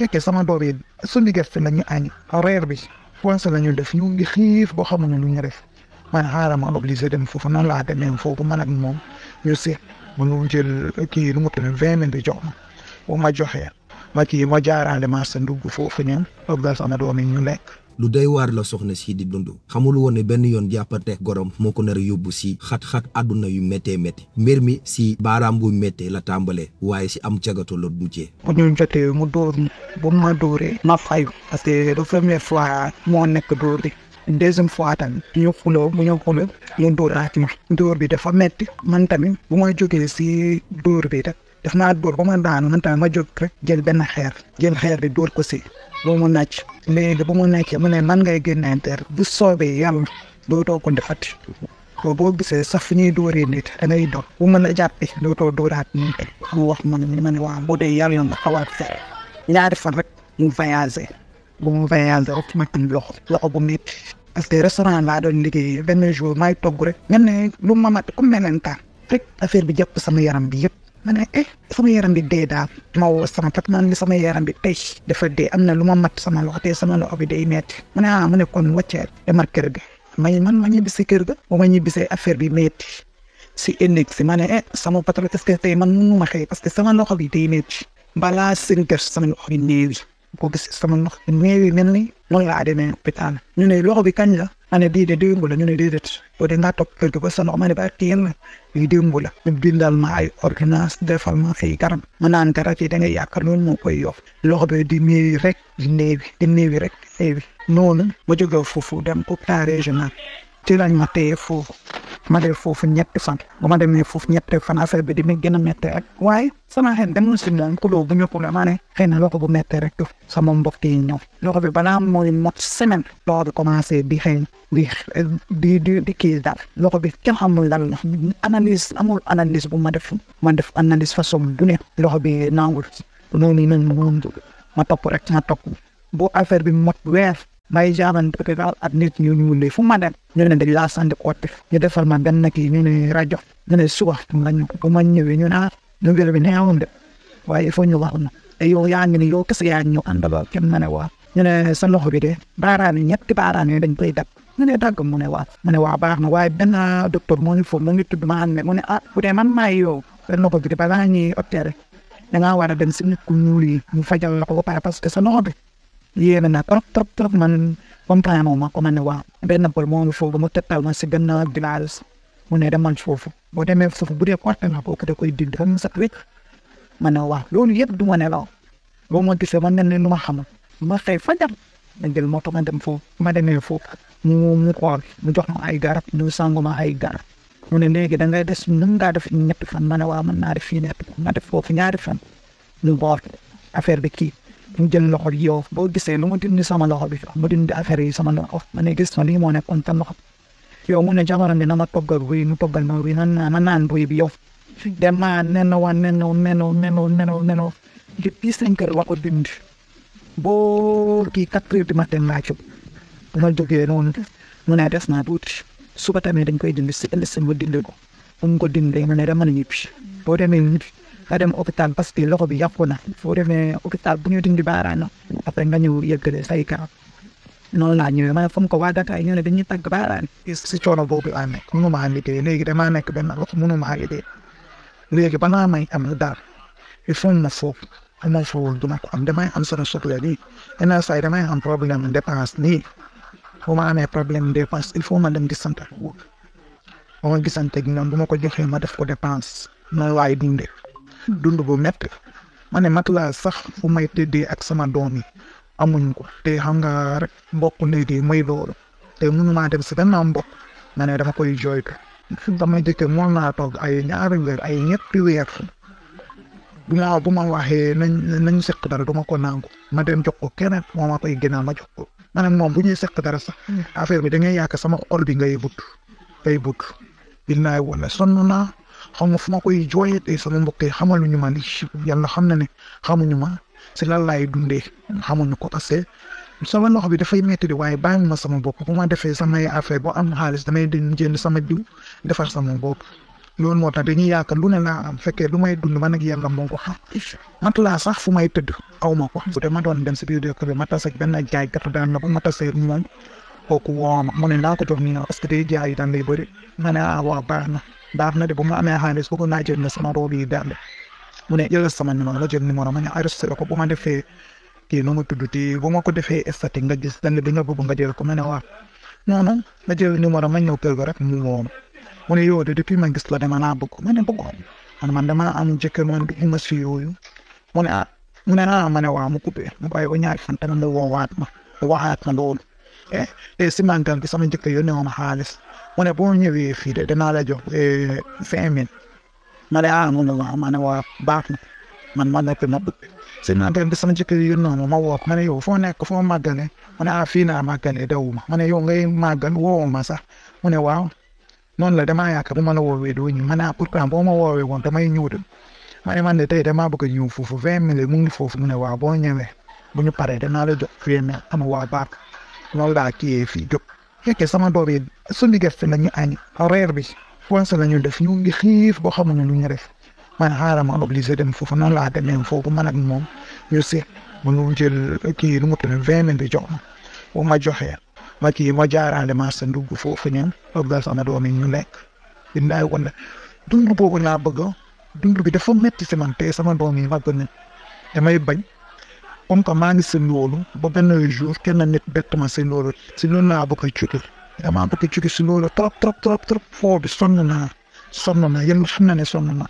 fekkee sama doom yi suñu gerte la ñu añ reer bi poisson la ñu def ñu ngi xiif boo xam ne lu ñu def man xaaral ma obligé dem foofu nan laa demee foofu man ak moom ñu seet mu jël kii lu mu tudd vingt mille jox ma bu ma joxee ma kii ma jaaraale marché foofu ñun lu doy la soxna si di dund xamul woon ne benn yoon jàppante gorom moo ko nar a yóbbu si xat yu méttee métti mbir mi si baaraam bu méttee la tàmbalee waaye si am jagato la mujjee. bu ñu jotee mu dóor bu ma dóoree ma fayu parce que la première moo nekk dóor bi deuxième fois tamit ñu xuloo mu ñu xuloo mu dóoraat ma dóor bi dafa métti man tamit bu ma jógee si dóor bi rek daf maa dóor ba ma daanu man tamit ma jóg rek jël benn xeer jël xeer bi dóor ko si ba mu nàcc léegi ba mu nàcc mu ne man ngay génne ter bu soobee yàlla dootoo ko defati boo boo gisee sax fu ñuy dóoree nit da ngay dox bu mën a jàppee dootoo dóoraat nit mu wax man ni ma ne waa bu dee yàlla nga xawaat fer ñaari fan rek mu voyagé bu mu voyagé rek ma am loxo loxo bu métti parce que restaurant laa doon liggéey benn jour maay togg rek nga ne lu ma mat comme meneen taan rek affaire bi jàpp sama yaram bi yëpp ma ne eh sama yaram bi dee daa ma woo sama pat man ni sama yaram bi tey eh, dafa dee am na lu ma mat sama loxo tey sama loxo bi day metti ma ne ah, ma mu ne kon wàcceel demal kër ga may man ma ñibbi si kër ga ba ma ñibbi si affaire bi metti si enneg si ma ne eh sama patron est-ce que tey man mënu ma xëy parce que sama loxo bi day metti balaa seen kër sama loxo bi néewi ko gis sama ndox néew yi mel ni noonu laa demee hôpital ñu ne loxo bi kañ la ma ne bii de démb la ñu ne déedéet boo dee ngaa topp kër gi loxo ma ne démb la ñu bindal ma ay ordonnance defal ma naan garab da ngay yaakaar loolu moo koy yof loxo bi di néewi rek di néewi di néewi rek di néewi noonu ma jóge foofu dem hôpital régional ci lañ ma téye foofu ma def foofu ñetti fan bu ma demee foofu ñetti fan affaire bi di mi gën a métti rek waaye sama dem na si lan xuloo bu ñu xuloo maa ne xëy na loxo bu métti rek sama mbokk yi ñëw loxo bi balaa mooy mot semaine loxo bi commencé bi xëy di di di di kii daal loxo bi kenn xamul lan la analyse amul analyse bu ma def ma def analyse façon du ne loxo bi nangul noonu nañ moom ma topp rek ma topp bu affaire bi mot weer may jaaban Portugal ak nit ñu ñuul fu ma dem ñu ne dañ laa sant koote ñu defal ma benn kii ñu ne rajo ñu ne suba lañ ko ma ñëwee ñu naan nouvelle bi neexoon de waaye il faut ñu wax na te yow yaa ngi ni yow kese yaa ñu àndal kenn na ne waa ñu ne sa loxo bi de baaraan yi ñetti baaraan yi dañ koy dab ñu ne dagg mu ne waa mu ne waa baax na waaye benn docteur moo ñu foofu mu ngi tudd ma ànd mu ne ah bu dee man maay yow sa loxo bi de balaa ñuy opéré da ngaa war a dem si nit ku ñuul yi ñu fajal la ko ba pare parce que sa loxo bi yéeme na trop trop trop man kontaan moom ma ko man ne waaw benn bool moo ngi foofu mu tëttal ma si gannaaw village mu ne demal foofu boo demee foofu bu dee porte na kooku da koy dindi xam nga sax wécc ma ne waaw loolu yëpp du ma ne la boo ma gisee man ne leen lu ma xamul ma xëy fa dem ma jël moto ma dem foofu ma demee foofu mu mu xool mu jox ma ay garab ñu sangu ay garab mu ne léegi da ngay des nu ngaa def ñetti fan ma ne waaw mën naa def ma def foofu ñaari fan lu affaire bi kii mu jël loxo bi boo gisee lu mu dindi sama loxo bi mu dindi affaire yi sama loxo ma ne gis ma lii moo nekkoon sa loxo yow mu ne jabaram bi ma toggal buy mu toggal ma buy nan naa ma naan buy bi yow dema nenowa nenow nenow nenow nenow nenow depuis cinq heures la ko dindi boo kii quatre heures du matin laa jóg ma jógee noonu mu ne des naa tuuti suba tamit dañ koy dindi si ëllëg si ma dindi ko mu ko dindi ma ne dama ne ñibbi boo demee ñibbi nga dem hôpital parce que loxo bi yàqu na foo demee hôpital bu ñu dindi baaraan après nga ñëw yëkkale say garab noonu laa ñëwee ma ne fa mu ko waa Dakar ñu ne dañuy tàgg baaraan si coono boobu laa nekk mënu maa liggéey léegi damaa nekk benn loxo mënu maa liggéey léegi balaa may am daal il faut ma foofu amal foofu du ma ko am damay am solo soxla lii yenn saa yi damay am problème dépense lii bu ma amee problème dépense il faut ma dem di sant bu ma gisante ak ñoom bu ma ko joxee ma def ko dépense ma waaye dundee dund bu métti ma ne matelas sax fu may di ak sama doom yi amuñ ko te xam nga rek mbokk léegi mooy loolu te mënu maa dem si benn mbokk ma ne dama koy jooytu damay jëkke moom naa toog ay ñaari weer ay ñetti weer ginnaaw bu ma waxee nañ nañ seq dara du ma ko nangu ma dem jox ko keneen moo ma ma jox ko moom bu ñuy seq dara sax hmm. affaire bi da ngay yàq sama xol bi ngay but ngay but billaay wala sonn xam nga fu ma koy jooyatee sama mbokk yi ñu ma li yàlla xam na ne xamuñu ma si lan laay dundee xamuñu ko parce que sama loxo bi dafay metti di waaye bàyyi ma sama bopp bu ma defee samay affaire boo am xaalis damay dem jënd sama jiw defar sama bopp. loolu moo tax dañuy yaakaar lu ne laa am fekkee lu may dund ma nag yàlla moo ko xam mat laa sax fu may tëdd aw ma ko bu dee ma doon dem si biir dëkk bi ma tas ak benn jaay gàtt daan na ba ma tasee moom kooku woo ma mu ne naa ko jox nii parce que day jaay daan lay bëri ma ne ah waaw baax na. دعنا بقوم أنا هاي رسول الله جل نسمع روبي دعنا mu ne jël sama numéro jël numéro ma ne arrêté ko bu ma defee kii nu mu tudd ti bu ma ko defee estati nga gis dana bi nga bëgg nga jël ko ma ne waa non non nga jël numéro ma ñëw kër ga rek mu moom mu ne yow de depuis ma gis la dama naa bëgg ma ne bëggoon man man dama am jëkkër man bi ma si yooyu mu ne ah mu ne ah ma ne waa mu coupé mu bàyyi ba ñaari fan tamit nga woowaat ma waxaat ma loolu eh te si màggal bi sama jëkkër yónnee woon halis. mu ne boo ñëwee fii de danaa la jox eh, cinq mille ma ne ah moom la wax ma ne waa baax na man ma nekk ma bëgg sëñ bi jëkkër yi noonu ma woo ma ne yow foo nekk foo màggale ma ne ah fii naa màggale dawuma ma ne yow ngay màggal woo ma sax mu ne waaw noonu la damaa yaakaar ma la woowee doo ñu ma ne ah pourtant boo ma woowee woon damay ñëw de ma ne man de tey damaa bëgg a ñëw foofu vingt mille mu ngi foofu mu ne waaw boo ñëwee bu ñu paree danaa la jox fii ne am waa baax loolu laa kii fii jóg fekkee sama doom yi suñu gerte la ñu añ reer bi fonce la ñu def ñu ngi xiif boo xamuñu lu ñu def man xaaral ma dem foofu noonu laa demee foofu man ak moom ñu seet mu ñu jël kii nu mu tudd vingt mille bi jox ma bu ma joxee ma kii ma jaaraale marché ndugg foofu ñun ëpp sama doom yi ñu lekk. dinaa wan ne dund boobu laa bëgg dund bi dafa metti si man te sama doom yi ma gën damay bañ. comme que maa ngi si loolu ba benn jour kenn nit bett ma si loolu si loolu laa bëgg a jóge damaa bëgg a jóge si loolu trop trop trop trop foo bi sonn naa sonn na yàlla xam na ne sonn na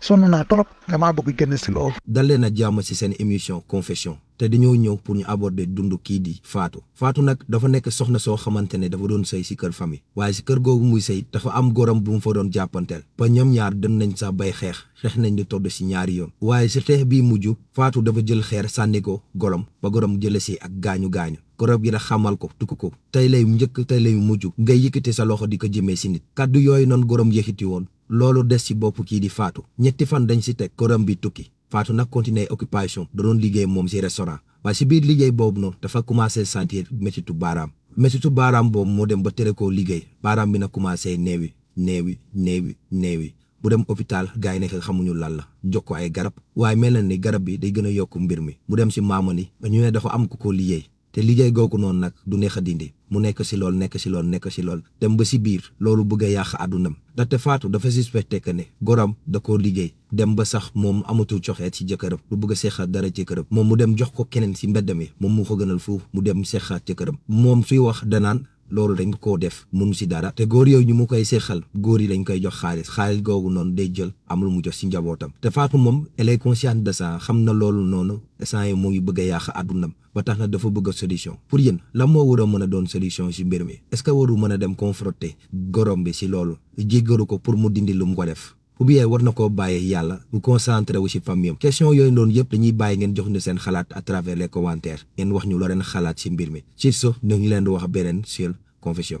sonn naa trop damaa bëgg génn si loolu. dalee na jàmm si seen émission confession te dañoo ñëw pour ñu aborder dund kii di faatu faatu nag dafa nekk soxna soo xamante ne dafa doon sëy si kër famille waaye si kër googu muy sëy dafa am gorom bu mu fa doon jàppanteel ba ñoom ñaar dem nañ sa bay xeex xeex nañ di todd si ñaari yoon waaye si xeex bii mujj faatu dafa jël xeer sànni ko gorom ba gorom jële si ak gaañu gaañu. gorob gi da xamal ko tukk ko tey lay njëkk tey lay mujj ngay yëkkati sa loxo di ko jëmee si nit kàddu yooyu noonu gorom yëkkati woon loolu des ci bopp kii di faatu ñetti fan dañ si teg këram bi tukki faatu nag continuer occupation da doon liggéey moom si restaurant waaye si biir liggéey boobu noonu dafa commencé sentir métitu baaraam métitu baaraam boobu moo dem ba tere koo liggéey baaraam bi na commencé néewi néewi néewi néewi bu dem hôpital gars yi xamuñu lan la jox ko ay garab waaye mel na ni garab bi day gën a yokk mbir mi mu dem si maamani ñu ne dafa am ku ko liggéey te liggéey googu noonu nag du neex a dindi mu nekk si lool nekk si lool nekk si lool dem ba si biir loolu bëgg a yàq àddunam ndaxte Fatou dafa suspecté que ne goram da koo liggéey dem ba sax moom amatul coxeet si jëkkëram lu bëgg a dara ci moom mu dem jox ko keneen si mbedd mi moom mu ko gënal foofu mu dem seexaat ci këram moom suy wax danaan loolu dañ koo def mënu si dara te góor yooyu ñu mu koy seexal góor yi dañ koy jox xaalis xaalis googu noonu day jël amul mu jox si njabootam te faatu moom elle est consciente de ça xam na loolu noonu san yi mu ngi bëgg a yàq àddunam ba tax na dafa bëgg solution pour yéen lan moo war a mën a doon solution si mbir mi est ce que waru mën a dem confronter gorom bi si loolu jéggaru ko pour mu dindi lu mu ko def ou bien war na koo bàyyi yàlla bu concentré wu ci famille am question yooyu noonu yëpp dañuy bàyyi ngeen jox ñu seen xalaat à travers les commentaires ngeen wax ñu loo leen xalaat si mbir mi ci so ñu leen di wax beneen sur confession